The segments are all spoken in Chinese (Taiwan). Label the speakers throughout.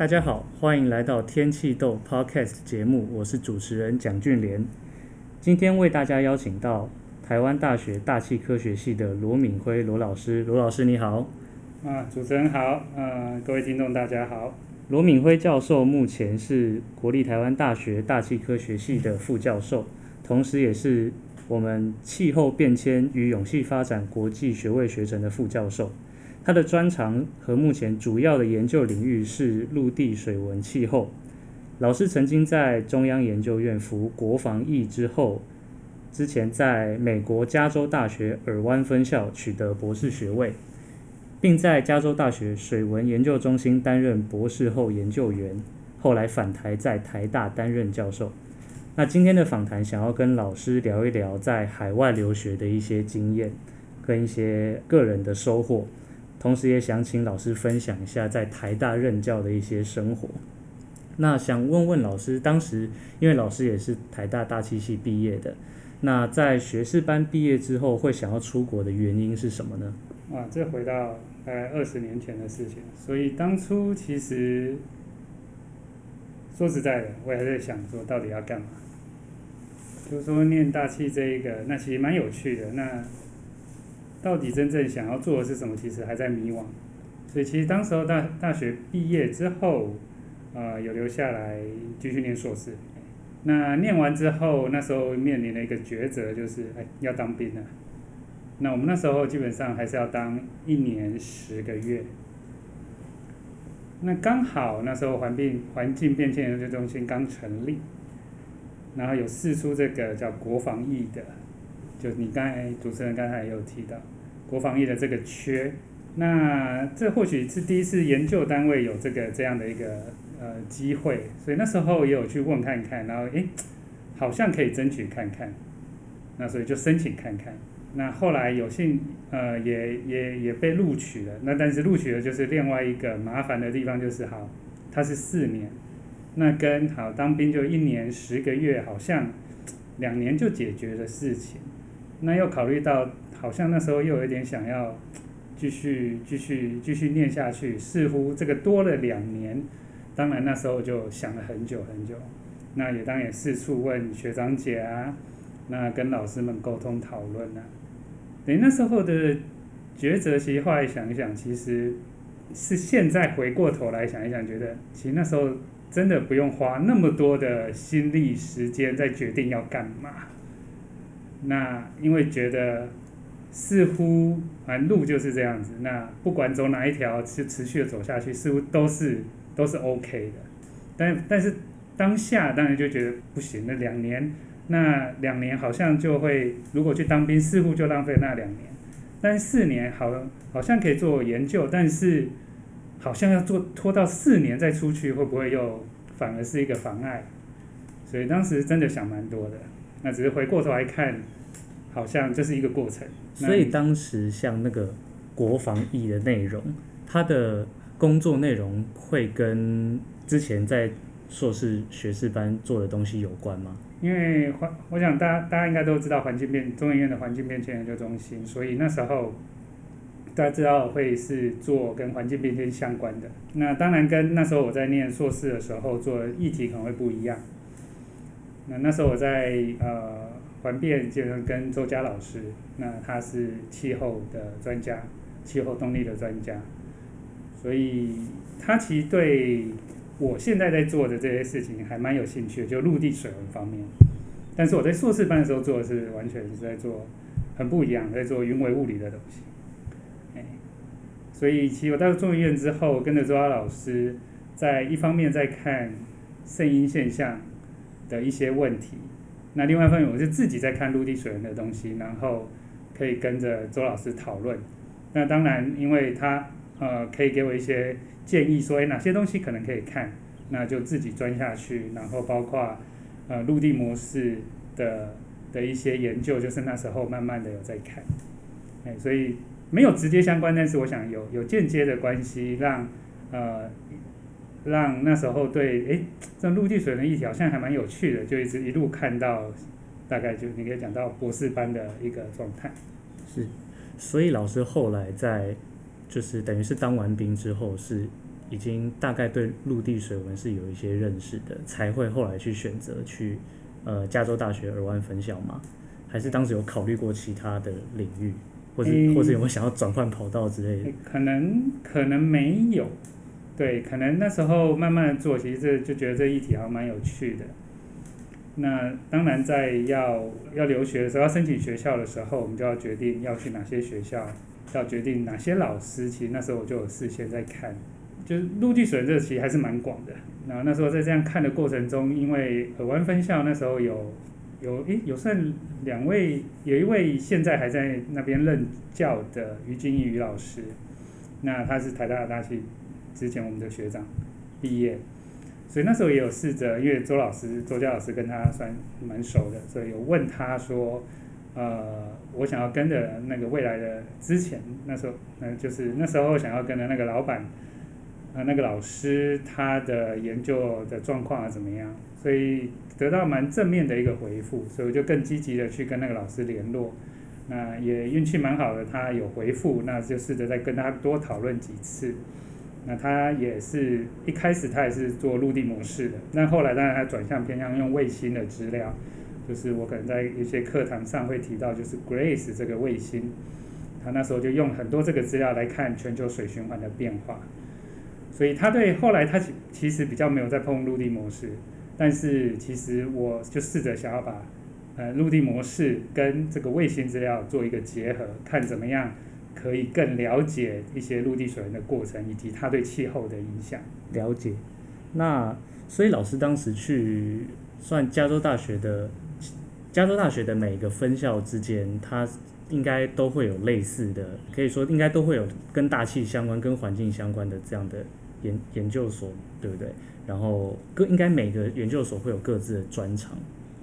Speaker 1: 大家好，歡迎來到《天氣豆》Podcast 節目，我是主持人蔣俊蓮。今天為大家邀請到台灣大學大氣科學系的羅敏輝羅老師，羅老師你好。
Speaker 2: 啊，主持人好。啊、呃，各位聽眾大家好。
Speaker 1: 羅敏輝教授目前是國立台灣大學大氣科學系的副教授，同時也是我們氣候變遷與永續發展國際學位學程的副教授。他的專長和目前主要的研究領域是陸地水文氣候。老師曾經在中央研究院服國防役之後，之前在美國加州大學爾灣分校取得博士學位，並在加州大學水文研究中心擔任博士後研究員，後來返台在台大擔任教授。那今天的訪談想要跟老師聊一聊在海外留學的一些經驗，跟一些個人的收穫。同時，也想請老師分享一下在台大任教的一些生活。那想問問老師，當時因為老師也是台大大氣系畢業的，那在學士班畢業之後，會想要出國的原因是什麼呢？
Speaker 2: 啊，這回到大概二十年前的事情，所以當初其實說實在的，我也在想說到底要幹嘛，就是說念大氣這一個，那其實蠻有趣的那。到底真正想要做的是什麼？其實還在迷惘，所以其實當時候大大學畢業之後，呃，有留下來繼續念碩士。那念完之後，那時候面臨了一個抉擇，就是哎要當兵了。那我們那時候基本上還是要當一年十個月。那剛好那時候環變環境變遷研究中心剛成立，然後有釋出這個叫國防役的。就你剛才主持人剛才也有提到國防役的這個缺，那這或許是第一次研究單位有這個這樣的一個呃機會，所以那時候也有去問看看，然後誒好像可以爭取看看，那所以就申請看看，那後來有幸呃也也也被錄取了，那但是錄取了就是另外一個麻煩的地方，就是好它是四年，那跟好當兵就一年十個月好像兩年就解決的事情。那又考慮到，好像那時候又有點想要繼續繼續繼續念下去，似乎這個多了兩年，當然那時候就想了很久很久，那也當然也四處問學長姐啊，那跟老師們溝通討論啊。等於那時候的抉擇，其實後來想一想，其實是現在回過頭來想一想，覺得其實那時候真的不用花那麼多的心力時間在決定要幹嘛。那因為覺得似乎啊路就是這樣子，那不管走哪一條，就持續的走下去，似乎都是都是 OK 的。但但是當下當然就覺得不行。那兩年，那兩年好像就會，如果去當兵，似乎就浪費那兩年。但四年好，好像可以做研究，但是好像要做，拖到四年再出去，會不會又反而是一個妨礙？所以當時真的想蠻多的。那只是回過頭來看，好像這是一個過程。所以當
Speaker 1: 時像那個國防役的內容，他的工作內容會跟之前在碩士學士班做的東西有關嗎？
Speaker 2: 因為環，我想大家大家應該都知道環境變中研院的環境變遷研究中心，所以那時候大家知道會是做跟環境變遷相關的。那當然跟那時候我在念碩士的時候做的議題可能會不一樣。那那時候我在呃環變，就是跟周佳老師，那他是氣候的專家，氣候動力的專家，所以他其實對我現在在做的這些事情還蠻有興趣的，就陸地水文方面。但是我在碩士班的時候做的是完全是在做很不一樣，在做雲微物理的東西。哎、欸，所以其實我到中研院之後，跟着周佳老師，在一方面在看聖嬰現象。的一些問題，那另外一方面我是自己在看陸地水文的東西，然後可以跟着周老師討論。那當然，因為他呃可以給我一些建議說，說、欸、誒哪些東西可能可以看，那就自己鑽下去。然後包括呃陸地模式的的一些研究，就是那時候慢慢的有在看。誒、欸，所以沒有直接相關，但是我想有有間接的關係，讓呃。讓那時候對哎，這陸地水文一條現在還蠻有趣的，就一直一路看到，大概就你可以講到博士班的一個狀態。
Speaker 1: 是，所以老師後來在就是等於是當完兵之後是已經大概對陸地水文是有一些認識的，才會後來去選擇去呃加州大學爾灣分校嗎？還是當時
Speaker 2: 有考慮過其他的領域，或者誒或者有沒有想要轉換跑道之類的？可能可能沒有。對，可能那時候慢慢的做，其實就就覺得這議題還蠻有趣的。那當然，在要要留學的時候，要申請學校的時候，我們就要決定要去哪些學校，要決定哪些老師。其實那時候我就有事先在看，就是陸地水文其實還是蠻廣的。那那時候在這樣看的過程中，因為爾灣分校那時候有有誒有算兩位，有一位現在還在那邊任教的於金義於老師，那他是台大的大氣。之前我們的學長畢業，所以那時候也有試着，因為周老師、周佳老師跟他算蠻熟的，所以有問他說：“呃，我想要跟着那個未來的之前那時候，那就是那時候想要跟着那個老闆，啊、呃，那個老師他的研究的狀況啊怎麼樣？”所以得到蠻正面的一個回復，所以我就更積極的去跟那個老師聯絡。那也運氣蠻好的，他有回復，那就試着再跟他多討論幾次。那他也是一開始，他也是做陸地模式的，那後來當然他轉向偏向用衛星的資料，就是我可能在一些課堂上會提到，就是 Grace 這個衛星，他那時候就用很多這個資料來看全球水循環的變化，所以他對後來他其其實比較沒有在碰陸地模式，但是其實我就試着想要把呃陸地模式跟這個衛星資料做一個結合，看怎麼樣。可以更了解一些陸地水文的過程，以及它對氣候的影響。
Speaker 1: 了解，那所以老師當時去算加州大學的，加州大學的每一個分校之間，它應該都會有類似的，可以說應該都會有跟大氣相關、跟環境相關的這樣的研研究所，對不對？然後各應該每個研究所會有各自的專長。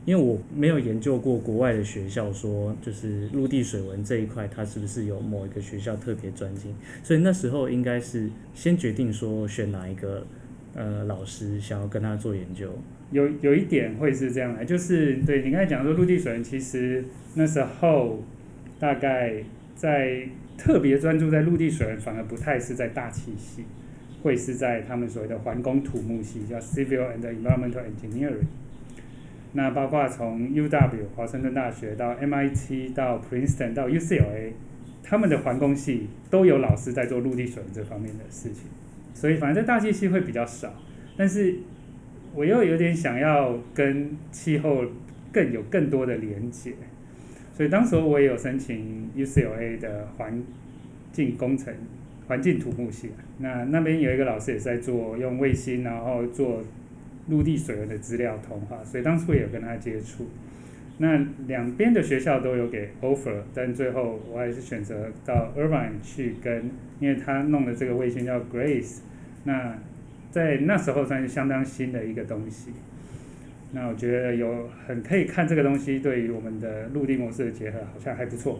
Speaker 1: 因為我沒有研究過國外的學校，說，就是陸地水文這一塊，它是不是有某一個學校特別專精？所以那時候應該是先決定說選哪一個呃老師想要跟他做研
Speaker 2: 究有。有，有一點會是這樣來，就是對你剛才講的陸地水文，其實那時候大概在特別專注在陸地水文，反而不太是在大氣系，會是在他們所謂的環工土木系，叫 Civil and Environmental Engineering。那包括從 UW 華盛頓大學到 MIT 到 Princeton 到 UCLA，他們的環工系都有老師在做陸地水這方面的事情，所以反正大氣系會比較少，但是我又有點想要跟氣候更有更多的連接，所以當時我也有申請 UCLA 的環境工程環境土木系，那那邊有一個老師也在做用衛星然後做。陸地水文的資料同化，所以當初也有跟他接觸。那兩邊的學校都有給 offer，但最後我還是選擇到 Irvine 去跟，因為他弄的這個衛星叫 Grace。那在那時候算是相當新的一個東西。那我覺得有很可以看這個東西對於我們的陸地模式的結合好像還不錯，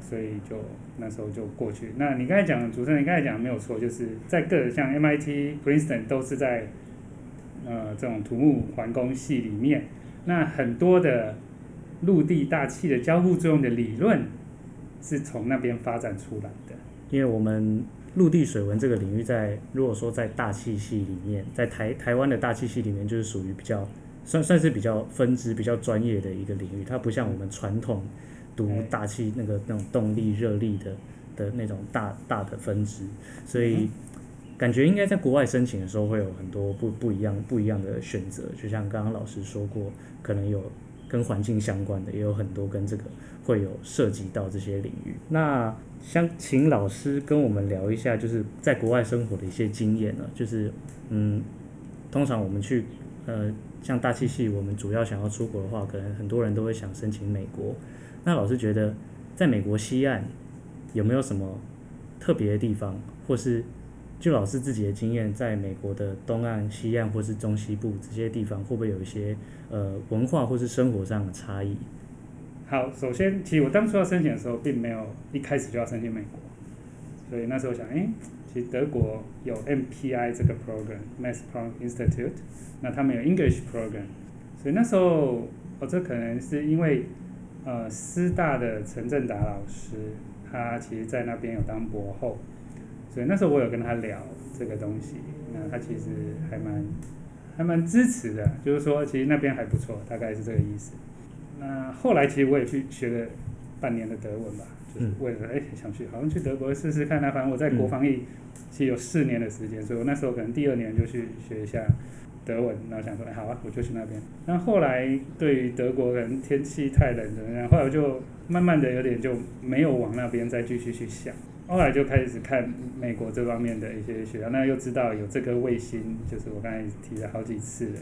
Speaker 2: 所以就那時候就過去。那你剛才講主持人，你剛才講沒有錯，就是在各像 MIT、Princeton 都是在。呃，這種土木環工系裡面，那很多的陸地大氣的交互作用的理論是從那邊發展出來的。
Speaker 1: 因為我們陸地水文這個領域在，在如果說在大氣系裡面，在台台灣的大氣系裡面，就是屬於比較算，算是比較分支比較專業的一個領域。它不像我們傳統讀大氣那個那種動力熱力的的那種大大的分支，所以。嗯感覺應該在國外申請的時候會有很多不不一樣不一樣的選擇，就像剛剛老師說過，可能有跟環境相關的，也有很多跟這個會有涉及到這些領域。那想請老師跟我們聊一下，就是在國外生活的一些經驗呢？就是嗯，通常我們去呃像大氣系，我們主要想要出國的話，可能很多人都會想申請美國。那老師覺得在美國西岸有沒有什麼特別的地方，或是？就老師自己的經驗，在美國的東岸、西岸或是中西部這些地方，會不會有一些呃文化或是生活上的差異？
Speaker 2: 好，首先，其實我當初要申請的時候，並沒有一開始就要申請美國，所以那時候我想，哎、欸，其實德國有 MPI 這個 program，Max Planck Institute，那他們有 English program，所以那時候，我、哦、這可能是因為呃，師大的陳振達老師，他其實在那邊有當博後。對，那時候我有跟他聊這個東西，那他其實還蠻還蠻支持的，就是說其實那邊還不錯，大概是這個意思。那後來其實我也去學了半年的德文吧，就是為了、嗯、誒想去，好像去德國試試看他，反正我在國防役其實有四年的時間，所以我那時候可能第二年就去學一下德文，然後想說、哎、好啊，我就去那邊。那後，後來對於德國可能天氣太冷怎麼樣，然後，後來我就慢慢的有點就沒有往那邊再繼續去想。後來就開始看美國這方面的一些學校，那又知道有這個衛星，就是我剛才提了好幾次了，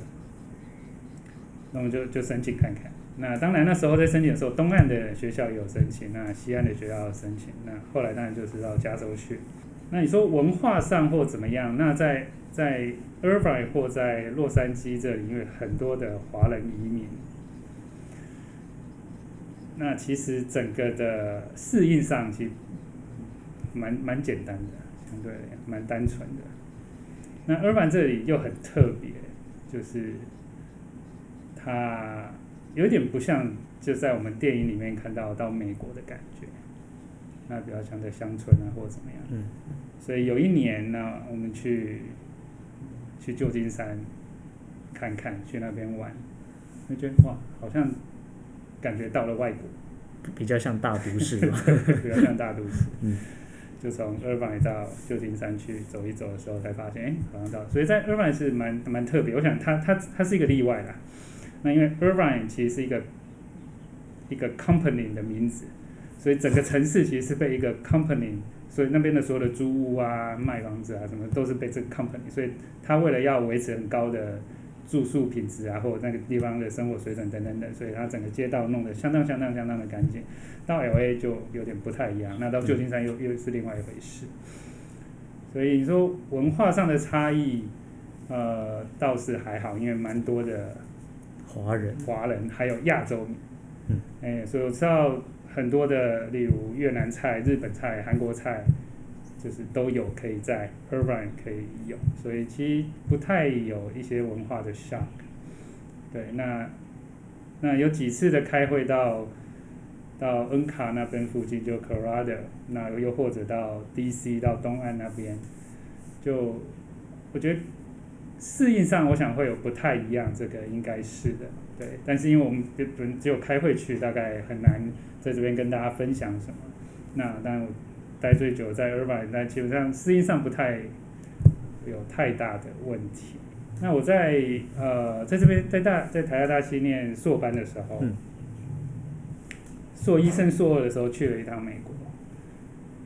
Speaker 2: 那我們就就申請看看。那當然那時候在申請的時候，東岸的學校有申請，那西岸的學校有申請。那後來當然就是到加州去。那你說文化上或怎麼樣？那在在爾灣或在洛杉磯這裡，因為很多的華人移民，那其實整個的適應上去。蠻蠻簡單的，相對蠻單純的。那爾灣這裡又很特別，就是它有點不像就在我們電影裡面看到到美國的感覺。那比較像在鄉村啊或者怎麼樣。嗯。所以有一年呢，我們去去舊金山看看，去那邊玩，就覺得哇，好像感覺到了外國。比較像大都市吧 比較像大都市。嗯。就從 Irvine 到舊金山去走一走的時候，才發現，哎、欸，好像到，所以在 Irvine 是蠻蠻特別，我想它它它是一個例外啦。那因為 Irvine 其實是一個一個 company 的名字，所以整個城市其實是被一個 company，所以那邊的所有的租屋啊、賣房子啊什麼都是被這個 company，所以它為了要維持很高的住宿品質，然後那個地方的生活水準等等等，所以它整個街道弄得相當相當相當的乾淨。到 LA 就有點不太一樣，那到舊金山又又是另外一回事。嗯、所以說文化上的差異，呃，倒是還好，因為蠻多的華人、華人、嗯、還有亞洲人，嗯、哎，所以我吃到很多的，例如越南菜、日本菜、韓國菜。就是都有可以在 Irvine 可以有，所以其實不太有一些文化的 shock，對，那那有幾次的開會到到 NCAR 那邊附近就 Colorado 那又或者到 DC 到東岸那邊，就我覺得適應上我想會有不太一樣，這個應該是的，對，但是因為我們就只有開會去，大概很難在這邊跟大家分享什麼，那當然我。待最久在爾灣，那基本上適應上不太有太大的問題。那我在呃，在這邊在大在台大大氣系念碩班的時候，碩一升碩二的時候去了一趟美國，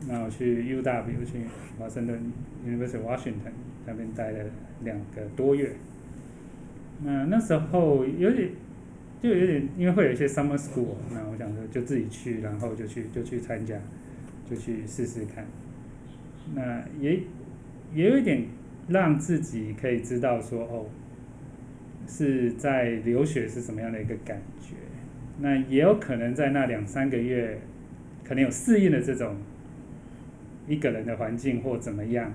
Speaker 2: 那我去 UW 去華盛頓 University of Washington 那邊待了兩個多月。那那時候有點就有點因為會有一些 summer school，那我想說就自己去，然後就去就去參加。就去試試看，那也也有一點讓自己可以知道說，哦，是在留學是什麼樣的一個感覺。那也有可能在那兩三個月，可能有適應了這種一個人的環境或怎麼樣，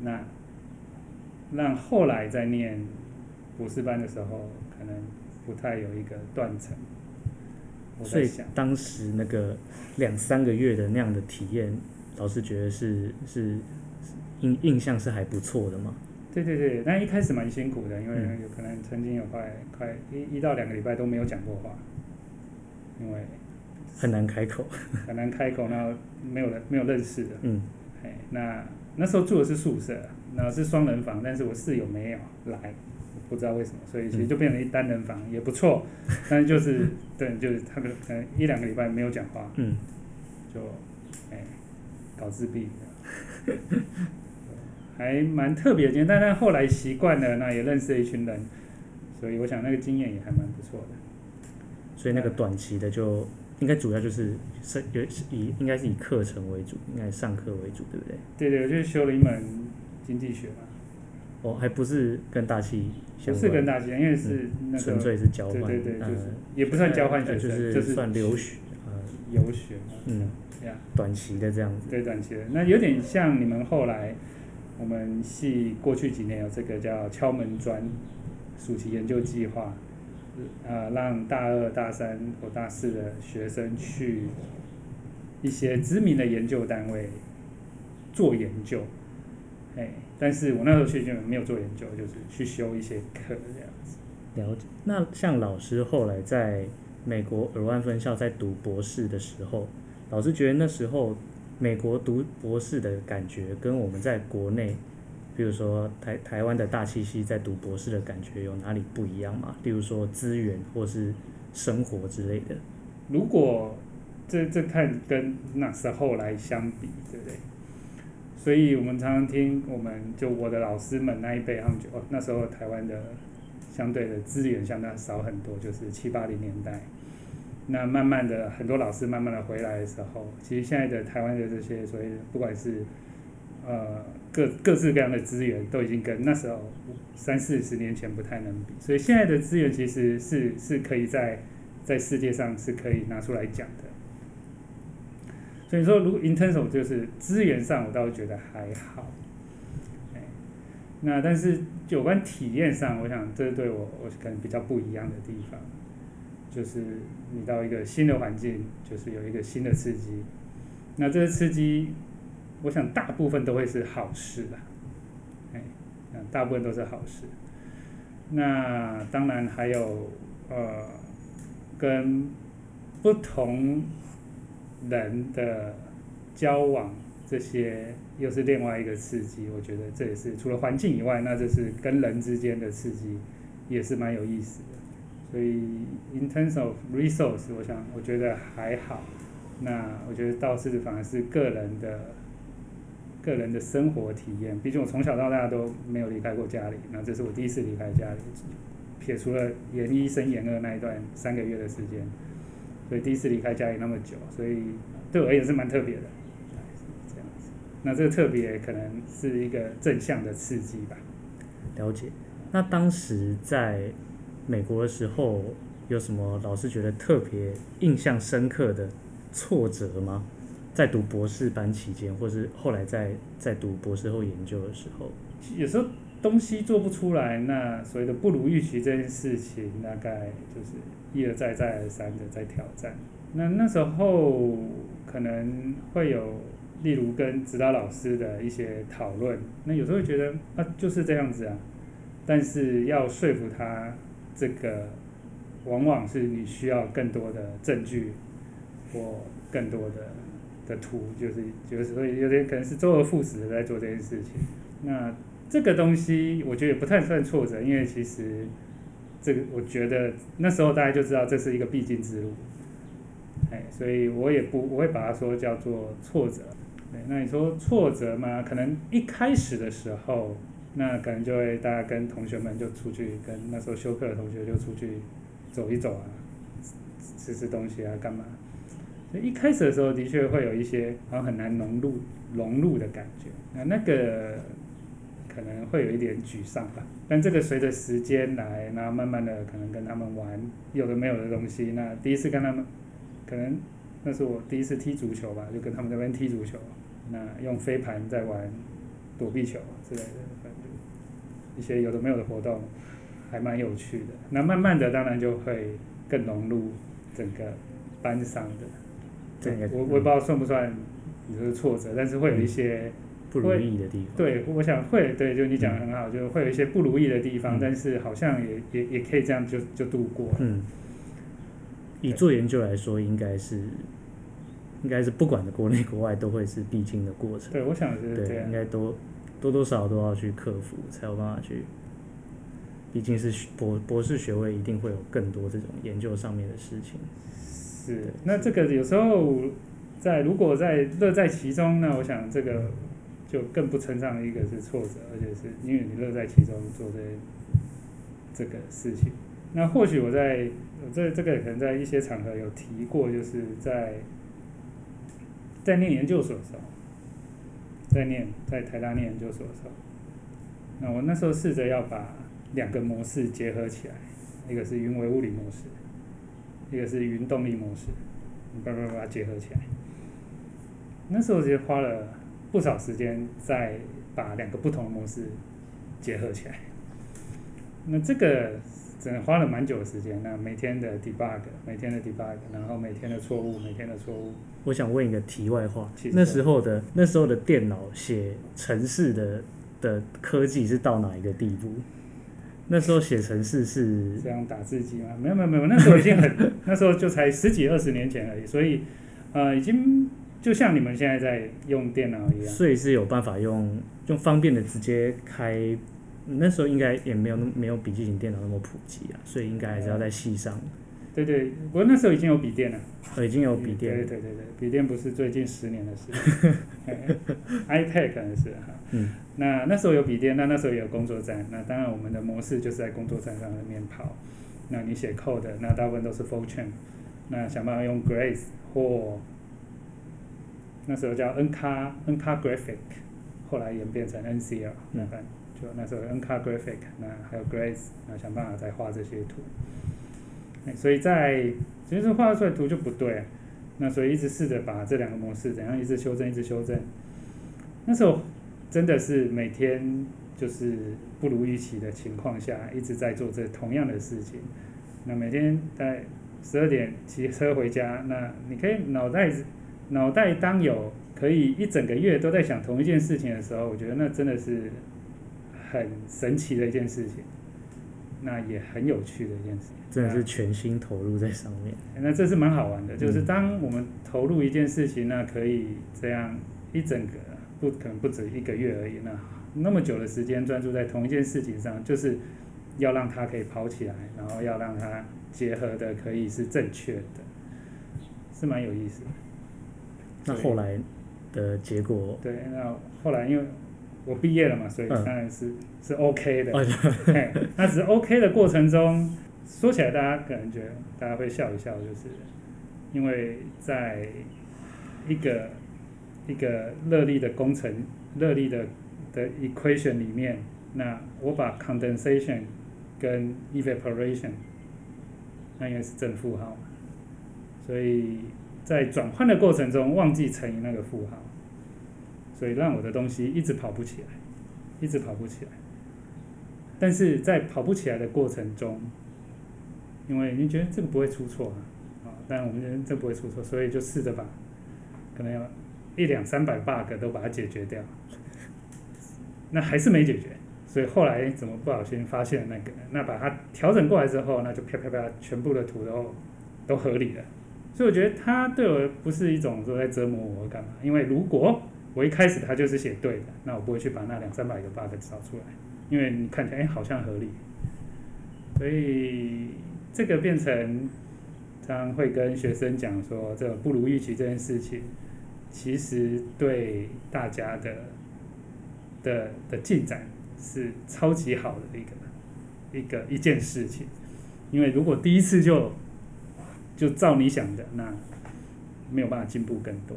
Speaker 2: 那讓後來在念博士班的時候，可能不太有一個斷層。我所以
Speaker 1: 當時那個兩三個月的那樣的體驗，老師覺得是是，是印印象是還不錯的嘛。
Speaker 2: 對對對，那一開始蠻辛苦的，因為有可能曾經有快、嗯、快一一到兩個禮拜都沒有講過話，因為
Speaker 1: 很難開口，
Speaker 2: 很難開口， 然後沒有人沒有認識的。嗯，嘿，那那時候住的是宿舍，然後是雙人房，但是我室友沒有來。不知道為什麼，所以其實就變成一單人房，嗯、也不錯，但是就是對，就是他們可能一兩個禮拜沒有講話，嗯，就哎搞自閉， 還蠻特別的。但但後來習慣了，那也認識了一群人，所以我想那個經驗也還蠻不錯的。
Speaker 1: 所以那個短期的就應該主要就是是有以應該是以課程為主，應該是上課為主，對不對？
Speaker 2: 對對，我就修了一門經濟學嘛。
Speaker 1: 哦，還不是跟大氣，不是跟大氣，因為是純、那個嗯、粹是交換。對對對，呃、就是也不算交換，就是、呃、就是算留
Speaker 2: 學。留學、呃。嗯，
Speaker 1: 這樣，短期的這樣
Speaker 2: 子。對，短期的。那有點像你們後來，我們系過去幾年有這個叫敲門磚，暑期研究計劃，呃，讓大二、大三或大四的學生去一些知名的研究單位做研究，哎。但是我那時候卻就沒有做研究，就是去修一些課這樣子。
Speaker 1: 了解。那像老師後來在美國爾灣分校在讀博士的時候，老師覺得那時候美國讀博士的感覺跟我們在國內，比如說台台灣的大氣系在讀博士的感覺有哪裡不一樣嘛？例如說資源或是生活之類的。
Speaker 2: 如果這這看跟那時候來相比，對不對？所以，我們常常聽，我們就我的老師們那一輩，他們就哦，那時候台灣的相對的資源相當少很多，就是七八零年代。那慢慢的，很多老師慢慢的回來的時候，其實現在的台灣的這些，所以不管是呃各各式各樣的資源，都已經跟那時候三四十年前不太能比。所以現在的資源其實是是可以在在世界上是可以拿出來講的。所以說，如果 in terms of 就是資源上，我倒是覺得還好。哎，那但是有關體驗上，我想這是對我我可能比較不一樣的地方，就是你到一個新的環境，就是有一個新的刺激。那這個刺激，我想大部分都會是好事吧，哎，大部分都是好事。那當然還有，呃，跟不同。人的交往，這些又是另外一個刺激。我覺得這也是除了環境以外，那就是跟人之間的刺激，也是蠻有意思的。所以，in terms of resource，我想我覺得還好。那我覺得倒是反而是個人的，個人的生活體驗。畢竟我從小到大都沒有離開過家裡，那這是我第一次離開家裡，撇除了研一、升研二那一段三個月的時間。所以第一次離開家裡那麼久，所以對我而言是蠻特別的，這樣子，那這個特別可能是一個正向的刺激吧。
Speaker 1: 了解。那當時在美國的時候，有什麼老師覺得特別印象深刻的挫折嗎？在讀博士班期間，或是後來在在讀博士後研究的時候，
Speaker 2: 有時候東西做不出來，那所謂的不如預期這件事情，大概就是。一而再，再而三的在挑戰，那那時候可能會有，例如跟指導老師的一些討論，那有時候會覺得啊，就是這樣子啊，但是要說服他這個，往往是你需要更多的證據或更多的的圖，就是就是所以有點可能是周而復始的在做這件事情，那這個東西我覺得也不太算挫折，因為其實。這個我覺得那時候大家就知道這是一個必經之路，所以我也不我會把它說叫做挫折。那你說挫折嘛，可能一開始的時候，那可能就會大家跟同學們就出去跟那時候修課的同學就出去走一走啊，吃吃東西啊，幹嘛？所以一開始的時候的確會有一些好像很難融入融入的感覺，那那個。可能會有一點沮喪吧，但這個隨着時間來，然後慢慢的可能跟他們玩有的沒有的東西。那第一次跟他們，可能那是我第一次踢足球吧，就跟他們在那邊踢足球。那用飛盤在玩躲避球之類的，反正就一些有的沒有的活動，還蠻有趣的。那慢慢的當然就會更融入整個班上的。對，對我我也不知道算不算就是挫折，但是會有一些。嗯不如意的地方，對，我想會，對，就你講的很好，嗯、就會有一些不如意的地方，嗯、但是好像也也也可以這樣就就度過。
Speaker 1: 嗯，對以做研究來說，應該是應該是不管的國內國外都會是必經的過程。對，我想是對，應該都多，多多少少都要去克服，才有辦法去。畢竟是學博博士學位，一定會有更多這種研究上面的事情。
Speaker 2: 是，對那這個有時候在如果在樂在其中，那我想這個。就更不稱的一個是挫折，而且是因為你樂在其中做這這個事情。那或許我在我這這個可能在一些場合有提過，就是在在念研究所的時候，在念在台大念研究所的時候，那我那時候試着要把兩個模式結合起來，一個是雲微物理模式，一個是雲動力模式，把把它結合起來。那時候就花了。不少時間在把兩個不同的模式結合起來，那這個真的花了蠻久的時間。那每天的 debug，每天的 debug，然後每天的錯誤，每天的錯誤。
Speaker 1: 我想問一個題外話，其實那時候的那時候的電腦寫程式的的科技是到哪一個地步？那時候寫程式是這
Speaker 2: 樣打字機嗎？沒有沒有沒有，那時候已經很， 那時候就才十幾二十年前而已，所以啊、呃，已經。就像你們現在在用電腦一樣，所
Speaker 1: 以是有辦法用用方便的直接開。那時候應該也沒有那沒有筆記本電腦
Speaker 2: 那麼普及啊，所以應該還是要在系上。嗯、對對，不過那時候已經有筆電了，哦、已經有筆電了、嗯。對對對，對，筆電不是最近十年的事。 okay, iPad 可能是哈。嗯。那那時候有筆電，那那時候有工作站，那當然我們的模式就是在工作站上面跑。那你寫 code，那大部分都是 f o r t h a n 那想辦法用 Grace 或。那時候叫 NCAR NCAR Graphic，後來演變成 NCL，嗯、就那時候 NCAR Graphic，那還有 Grace，然後想辦法再畫這些圖，欸、所以在其實畫出來的圖就不對，啊，那所以一直試着把這兩個模式怎樣，一直修正，一直修正。那時候真的是每天就是不如預期的情況下，一直在做這同樣的事情。那每天在十二點騎車回家，那你可以腦袋。腦袋當有可以一整個月都在想同一件事情的時候，我覺得那真的是很神奇的一件事情，那也很有趣的一件事情，
Speaker 1: 真的是全心投入在上面。那，那這是蠻好玩的。就是
Speaker 2: 當我們投入一件事情，嗯、那可以這樣一整個，不，可能不止一個月而已。那那麼久的時間專注在同一件事情上，就是要讓它可以跑起來，然後要讓它結合的可以是正確的，是蠻有意思的。那後來
Speaker 1: 的結果，對，
Speaker 2: 那後來因為，我畢業了嘛，所以當然是、嗯、是 OK 的。那只是 OK 的過程中，說起來大家可能覺得大家會笑一笑，就是因為在一個一個熱力的工程、熱力的的 equation 裡面，那我把 condensation 跟 evaporation，那應該是正負號，所以。在轉換的過程中忘記乘以那個負號，所以讓我的東西一直跑不起來，一直跑不起來。但是在跑不起來的過程中，因為你覺得這個不會出錯啊，啊、哦，但我們覺得這個不會出錯，所以就試着把，可能有一兩三百 bug 都把它解決掉， 那還是沒解決，所以後來怎麼不小心發現那個，那把它調整過來之後，那就啪啪啪、啪，全部的圖都都合理了。所以我覺得他對我不是一種說在折磨我幹嘛，因為如果我一開始他就是寫對的，那我不會去把那兩三百個 bug 找出來，因為你看起來、哎、好像合理。所以這個變成，常會跟學生講說，這不如預期這件事情，其實對大家的的的進展是超級好的一個一個一件事情，因為如果第一次就就照你想的，那沒有辦法進步更多。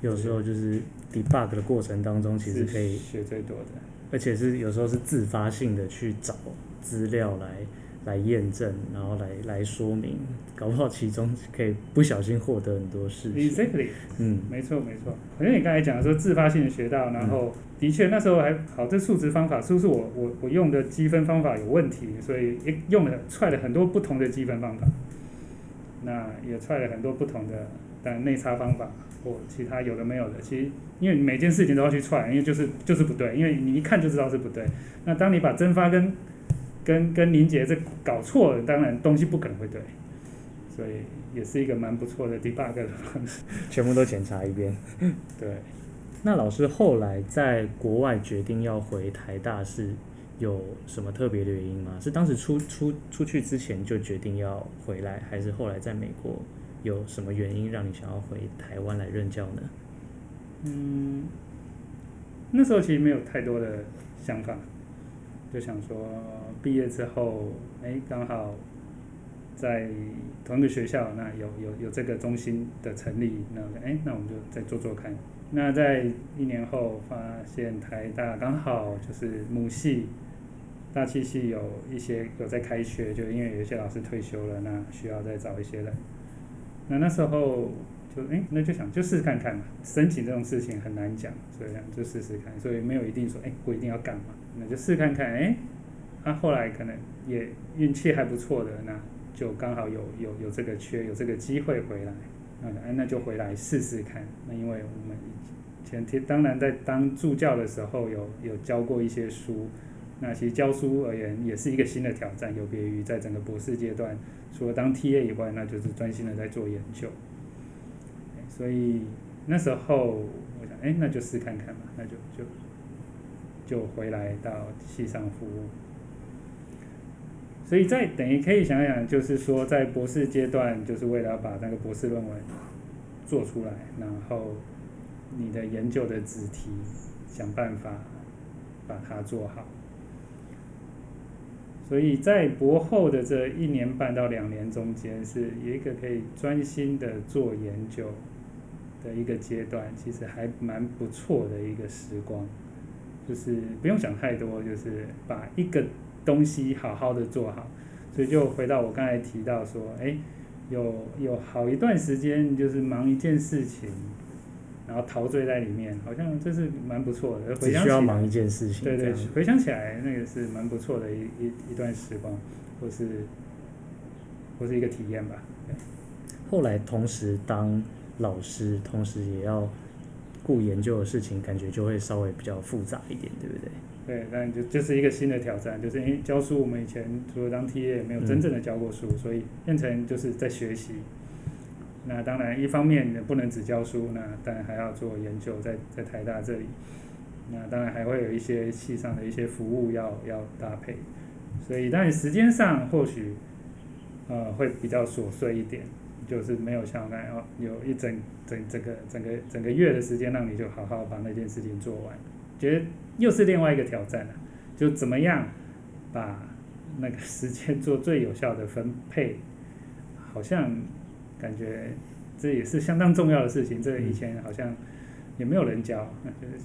Speaker 1: 有時候就是 debug 的過程當中，其實可以
Speaker 2: 學最多的，
Speaker 1: 而且是有時候是自發性的去找資料來來驗證，然後來來說明，搞不好其中可以不小心獲得很多事情。
Speaker 2: Exactly，嗯，沒錯沒錯。好像你剛才講的說自發性的學到，然後、嗯、的確那時候還好，這數值方法是不是我我我用的積分方法有問題，所以也用了踹了很多不同的積分方法。那也 try 了很多不同的，但內插方法或、哦、其他有的沒有的，其實因為你每件事情都要去 try，因為就是就是不對，因為你一看就知道是不對。那當你把蒸發跟跟跟凝結這搞錯了，當然東西不可能會對，所以也是一個蠻不錯的 debug 的方式，
Speaker 1: 全部都檢查一遍。
Speaker 2: 對，
Speaker 1: 那老師後來在國外決定要回台大是。有什麼特別的原因嗎？是當時出出出去之前就決定要回來，還是後來在美國有什麼原因讓你想要回台灣來任教呢？嗯，
Speaker 2: 那時候其實沒有太多的想法，就想說畢業之後，哎、欸，剛好在同一個學校，那有有有這個中心的成立，那哎、欸，那我們就再做做看。那在一年後發現台大剛好就是母系。大七系有一些有在開缺，就因為有一些老師退休了，那需要再找一些人。那那時候就哎、欸，那就想就試試看看嘛。申請這種事情很難講，所以就試試看。所以沒有一定說哎、欸，我一定要幹嘛，那就試看看哎。那、欸啊、後來可能也運氣還不錯的，那就剛好有有有這個缺，有這個機會回來，那那就回來試試看。那因為我們前天當然在當助教的時候有有教過一些書。那其實教書而言也是一個新的挑戰，有別於在整個博士階段，除了當 TA 以外，那就是專心的在做研究。Okay, 所以那時候我想，哎，那就試看看吧，那就就就回來到系上服務。所以在等於可以想想，就是說在博士階段，就是為了要把那個博士論文做出來，然後你的研究的子題想辦法把它做好。所以在博後的這一年半到兩年中間，是有一個可以專心的做研究的一個階段，其實還蠻不錯的一個時光，就是不用想太多，就是把一個東西好好的做好。所以就回到我剛才提到說，誒，有有好一段時間就是忙一件事情。然後陶醉在裡面，好像這是蠻不錯的。回想起來，只需要忙一件事情，對對，樣回想起來那個是蠻不錯的一，一一一段時光，或是，或是一個體驗吧。
Speaker 1: 後來同時當老師，同時也要顧研究的事情，感覺就會稍微比較複雜一點，對不對？
Speaker 2: 對，那就這，就是一個新的挑戰。就是因為教書，我們以前除了當 TA，沒有真正的教過書，嗯、所以變成就是在學習。那當然，一方面不能只教書，那當然還要做研究在，在在台大這裡，那當然還會有一些系上的一些服務要要搭配，所以但時間上或許，呃，會比較瑣碎一點，就是沒有像那樣有一整整整個整個整個月的時間讓你就好好把那件事情做完，覺得又是另外一個挑戰啊，就怎麼樣把那個時間做最有效的分配，好像。感覺這也是相當重要的事情。這以前好像也沒有人教，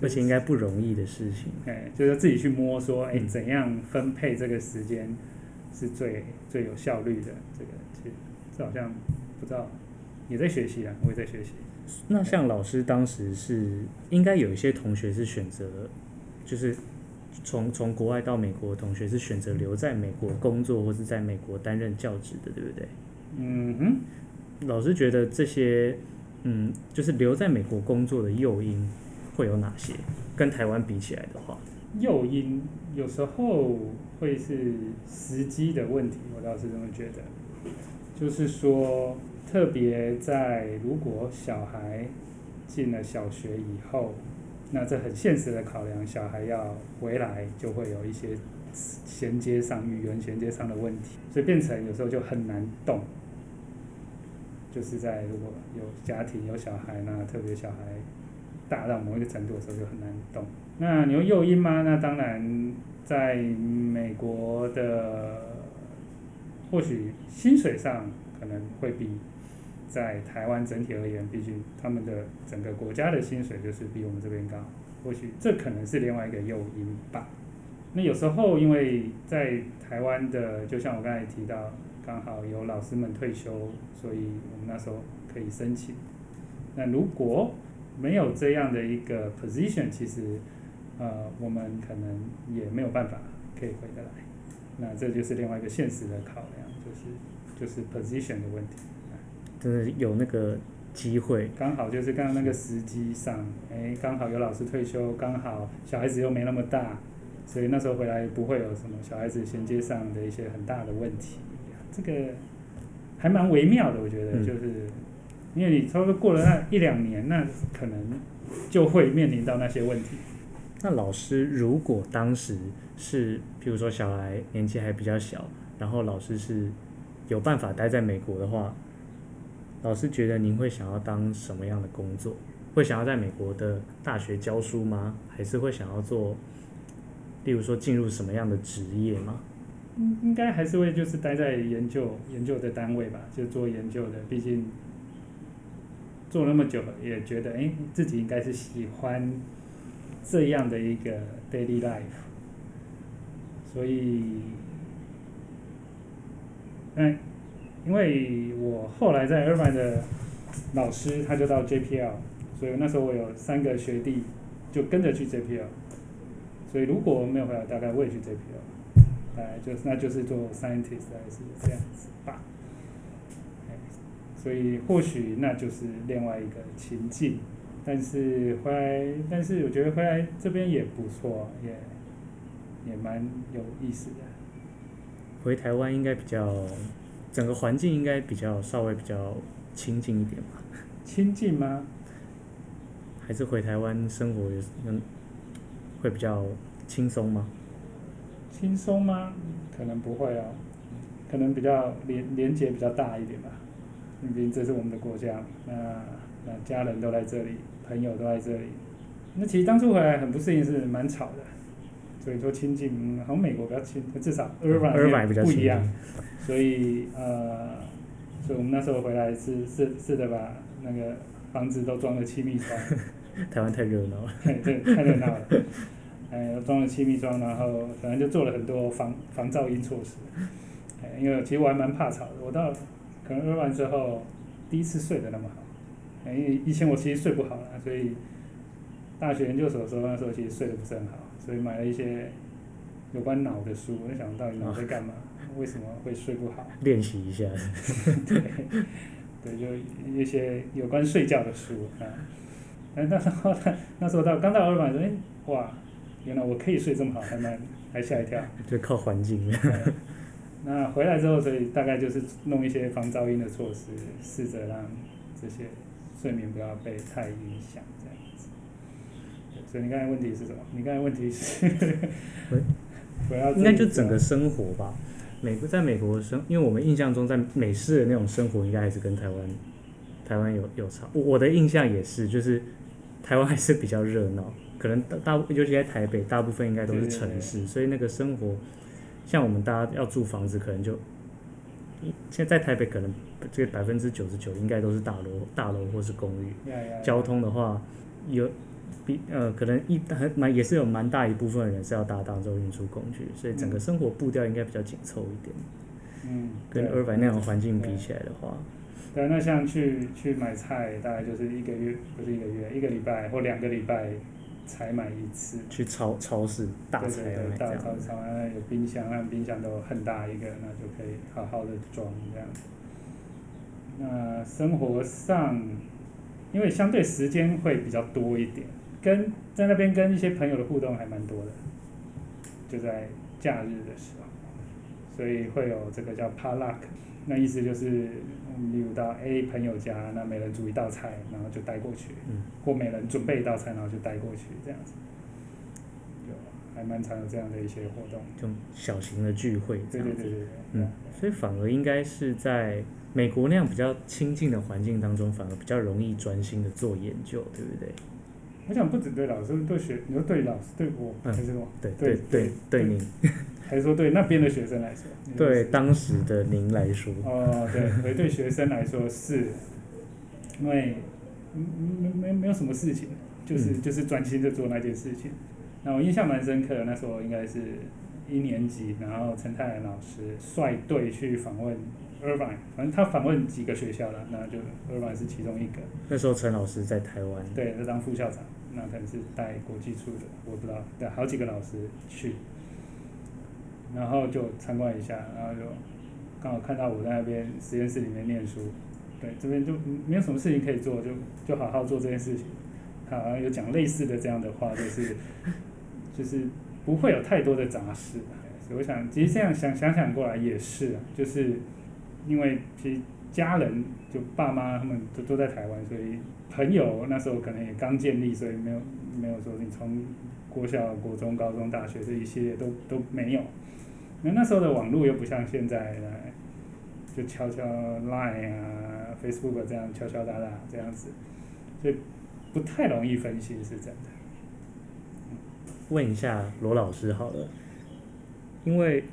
Speaker 2: 而且應
Speaker 1: 該不容易的事情。哎，
Speaker 2: 就是自己去摸索，說、欸、哎，嗯、怎樣分配這個時間是最最有效率的。這個其實這好像不知道你在學習啊，我也在學習。
Speaker 1: 那像老師當時是、嗯、應該有一些同學是選擇，就是從從國外到美國的同學是選擇留在美國工作，或是在美國擔任教職的，對不對？嗯哼。老師覺得這些，嗯，就是留在美國工作的誘因會有哪些？跟台灣比起來的話，
Speaker 2: 誘因有時候會是時機的問題，我倒是這麼覺得。就是說，特別在如果小孩進了小學以後，那這很現實的考量，小孩要回來就會有一些銜接上，語言銜接上的問題，所以變成有時候就很難懂。就是在如果有家庭有小孩，那特別小孩大到某一個程度的時候就很難動。那你有誘因嗎？那當然，在美國的或許薪水上可能會比在台灣整體而言，畢竟他們的整個國家的薪水就是比我們這邊高，或許這可能是另外一個誘因吧。那有時候，因為在台灣的，就像我剛才提到，剛好有老師們退休，所以我們那時候可以申請。那如果沒有這樣的一個 position，其實，呃，我們可能也沒有辦法可以回得來。那這就是另外一個現實的考量，就是就是 position 的問題。
Speaker 1: 就是有那個
Speaker 2: 機會，剛好就是剛剛那個時機上，哎，剛好有老師退休，剛好小孩子又沒那麼大。所以那時候回來不會有什麼小孩子銜接上的一些很大的問題，這個還蠻微妙的，我覺得就是因為你差不多過了那一兩年，那可能就會面臨到那些問題。
Speaker 1: 那老師如果當時是，比如說小孩年紀還比較小，然後老師是有辦法待在美國的話，老師覺得您會想要當什麼樣的工作？會想要在美國的大學教書嗎？還是會想要做？例如說進入什麼樣的職業嗎？
Speaker 2: 嗯，應該還是會就是待在研究研究的單位吧，就做研究的。畢竟做了那麼久也覺得，哎，自己應該是喜歡這樣的一個 daily life。所以，嗯、哎，因為我後來在爾灣的老師他就到 JPL，所以那時候我有三個學弟就跟着去 JPL。所以如果沒有回來，大概我也去 JPL 了。哎，就是，那就是做 scientist 還是這樣子吧。哎，所以或許那就是另外一個情境，但是回來，但是我覺得回來這邊也不錯，也也蠻有意思的。
Speaker 1: 回台灣應該比較，整個環境應該比較稍微比較清靜一點吧。清靜嗎？還是回台灣生活？也是能。會比較輕鬆嗎？
Speaker 2: 輕鬆嗎？可能不會哦，嗯、可能比較連連，連接比較大一點吧。畢竟這是我們的國家，那那家人都在這裡，朋友都在這裡。那其實當初回來很不適應，是蠻吵的。所以說親近，嗯，好像美國比較親，至少爾灣爾灣比較親不一樣，所以呃，所以我們那時候回來是是是的吧，那個房子都裝了氣密窗。 台灣太熱鬧了 對，對，太熱鬧了。 哎，我裝了氣密窗，然後可能就做了很多防防噪音措施。哎，因為其實我還蠻怕吵的。我到可能爾灣之後，第一次睡得那麼好。哎，因為以前我其實睡不好了，所以大學研究所的時候，那時候其實睡得不是很好，所以買了一些有關腦的書，我就想到你腦在幹嘛，啊，為什麼會睡不好？練習一下。 對，對，就一些有關睡覺的書啊。哎，那時候那時候到剛到爾灣時候，哎，哇！原來我可以睡這麼好，他們還嚇一跳。
Speaker 1: 就靠環境。
Speaker 2: 那回來之後，所以大概就是弄一些防噪音的措施，試着讓這些睡眠不要被太影響這樣子。所以你剛才問題是什麼？你剛才問題是，不要。應該就整
Speaker 1: 個生活吧。 美國在美國生，因為我們印象中在美式的那種生活，應該還是跟台灣台灣有有差。我我的印象也是，就是台灣還是比較熱鬧。可能大大部分，尤其在台北，大部分應該都是城市，對對對。所以那個生活，像我們大家要住房子，可能就，現在在台北，可能這個百分之九十九應該都是大樓、大樓或是公寓。Yeah, yeah, yeah, 交通的話，有比呃，可能一還蠻也是有蠻大一部分的人是要搭大眾運輸工具，所以整個生活步調應該比較緊湊一點。嗯，跟爾灣對那樣的環境比起來的話，
Speaker 2: 對，對，那像去去買菜，大概就是一個月，不是一個月，一個禮拜或兩個禮拜，才買一次，
Speaker 1: 去超超市大才大超
Speaker 2: 超市那有冰箱，啊，冰箱都很大一個，那就可以好好的裝這樣。那生活上，因為相對時間會比較多一點，跟在那邊跟一些朋友的互動還蠻多的，就在假日的時候，所以會有這個叫 potluck，那意思就是。例如到 A 朋友家，那每人煮一道菜，然後就帶過去；嗯、或每人準備一道菜，然後就帶過去，這樣子，就還蠻常有這樣的一些活動，
Speaker 1: 就小型的聚會這樣子。對對對對嗯，所以反而應該是在美國那樣比較親近的環境當中，反而比較容易專心的做研究，對不對？
Speaker 2: 我想不止對老師，對學，你說對老師，對我、嗯、還是我對對對對，對你。對 還是說對那邊的學生來說，對
Speaker 1: 當時的您來說，哦，對，對，
Speaker 2: 學生來說是，因為、嗯、沒沒沒有什麼事情，就是、嗯、就是專心的做那件事情。那我印象蠻深刻的，那時候應該是一年級，然後陳泰然老師率隊去訪問 Irvine，反正他訪問幾個學校了，那就 Irvine 是其中一個。那時候陳老師在台灣，對，他當副校長，那可能是帶國際處的，我不知道，帶好幾個老師去。然後就參觀一下，然後就剛好看到我在那邊實驗室裡面念書，對，這邊就沒有什麼事情可以做，就就好好做這件事情。他好像有講類似的這樣的話，就是就是不會有太多的雜事。所以我想，其實這樣想想想過來也是，就是因為其實家人就爸媽他們都都在台灣，所以朋友那時候可能也剛建立，所以沒有沒有說你從國小、國中、高中、大學這一系列都都沒有。那那時候的網絡又不像現在，就敲敲 Line 啊、Facebook 啊，這樣敲敲打打這樣子，所以不太容易分析，是真的。
Speaker 1: 問一下羅老師好了，因為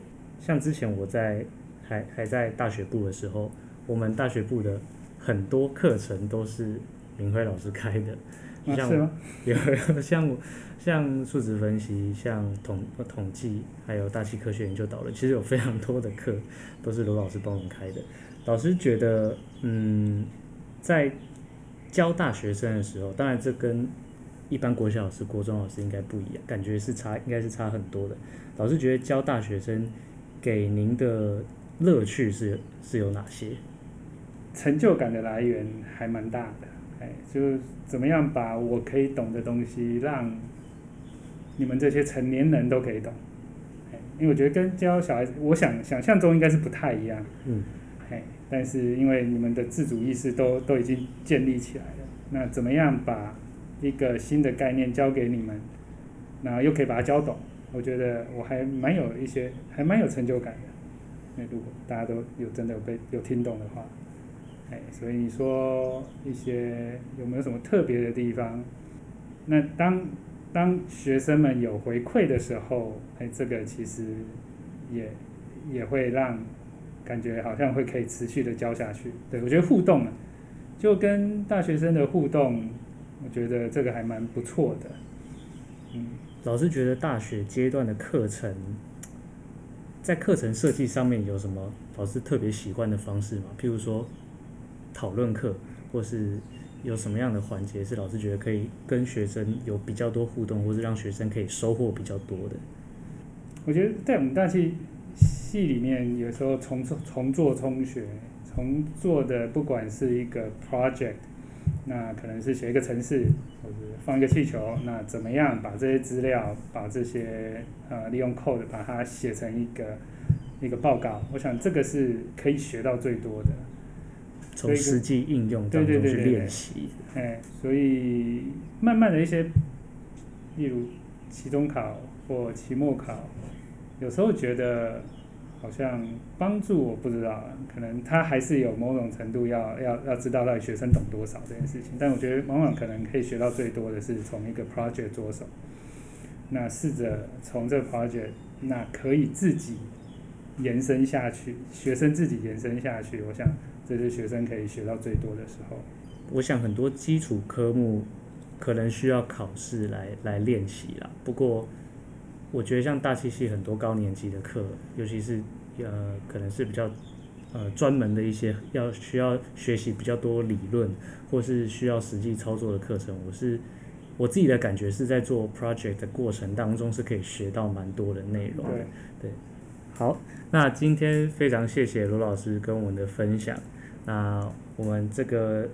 Speaker 1: 像之前我在還還在大學部的時候，我們大學部的很多課程都是敏輝老師開的。就像有嗎像我像數值分析，像統統計，還有大氣科學研究導論，其實有非常多的課都是羅老師幫我們開的。老師覺得，嗯，在教大學生的時候，當然這跟一般國小老師、國中老師應該不一樣，感覺是差，應該是差很多的。老師覺得教大學生給您的樂趣是是有哪些？
Speaker 2: 成就感的來源還蠻大的。就是怎麼樣把我可以懂的東西讓你們這些成年人都可以懂，哎，因為我覺得跟教小孩子，我想想象中應該是不太一樣，嗯，哎，但是因為你們的自主意識都都已經建立起來了，那怎麼樣把一個新的概念教給你們，然後又可以把它教懂，我覺得我還蠻有一些，還蠻有成就感的。那如果大家都有真的有被有聽懂的話。所以你說一些有沒有什麼特別的地方？那當當學生們有回饋的時候，哎，這個其實也也會讓感覺好像會可以持續的教下去。對我覺得互動，就跟大學生的互動，我覺得這個還蠻不錯的。嗯，老師覺得大學階段的課程在課程設計上面
Speaker 1: 有什麼老師特別喜歡的方式嗎？譬如說。討論課，或是有什麼樣的環節是老師覺得可以跟學生有比較多互動，或是讓學生可以收穫比較多的？
Speaker 2: 我覺得在我們大氣系裡面，有時候從從做中學，從做的，不管是一個 project，那可能是寫一個程式，或者放一個氣球，那怎麼樣把這些資料，把這些啊、呃、利用 code 把它寫成一個一個報告，我想這個是可以學到最多的。從實際應用當中去練習。哎，所以慢慢的一些，例如期中考或期末考，有時候覺得好像幫助我不知道，可能他還是有某種程度要要要知道到底學生懂多少這件事情。但我覺得往往可能可以學到最多的是從一個 project 着手，那試着從這個 project，那可以自己延伸下去，學生自己延伸下去，我想。這是學生可以學到最多的時候。
Speaker 1: 我想很多基礎科目可能需要考試來來練習啦。不過我覺得像大氣系很多高年級的課，尤其是呃可能是比較呃專門的一些要需要學習比較多理論或是需要實際操作的課程，我是我自己的感覺是在做 project 的過程當中是可以學到蠻多的內容的。對，對，好，那今天非常謝謝羅老師跟我們的分享。那我們這個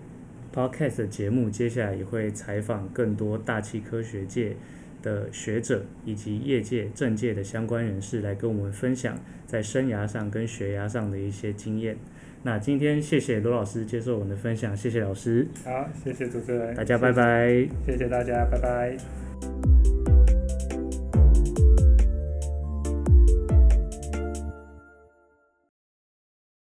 Speaker 1: podcast 節目接下來也會採訪更多大氣科學界的學者以及業界、政界的相關人士來跟我們分享在生涯上跟學涯上的一些經驗。那今天謝謝羅老師接受我們的分享，謝謝老師。
Speaker 2: 好，謝謝主持人。大家拜拜。謝謝，謝謝大家，拜拜。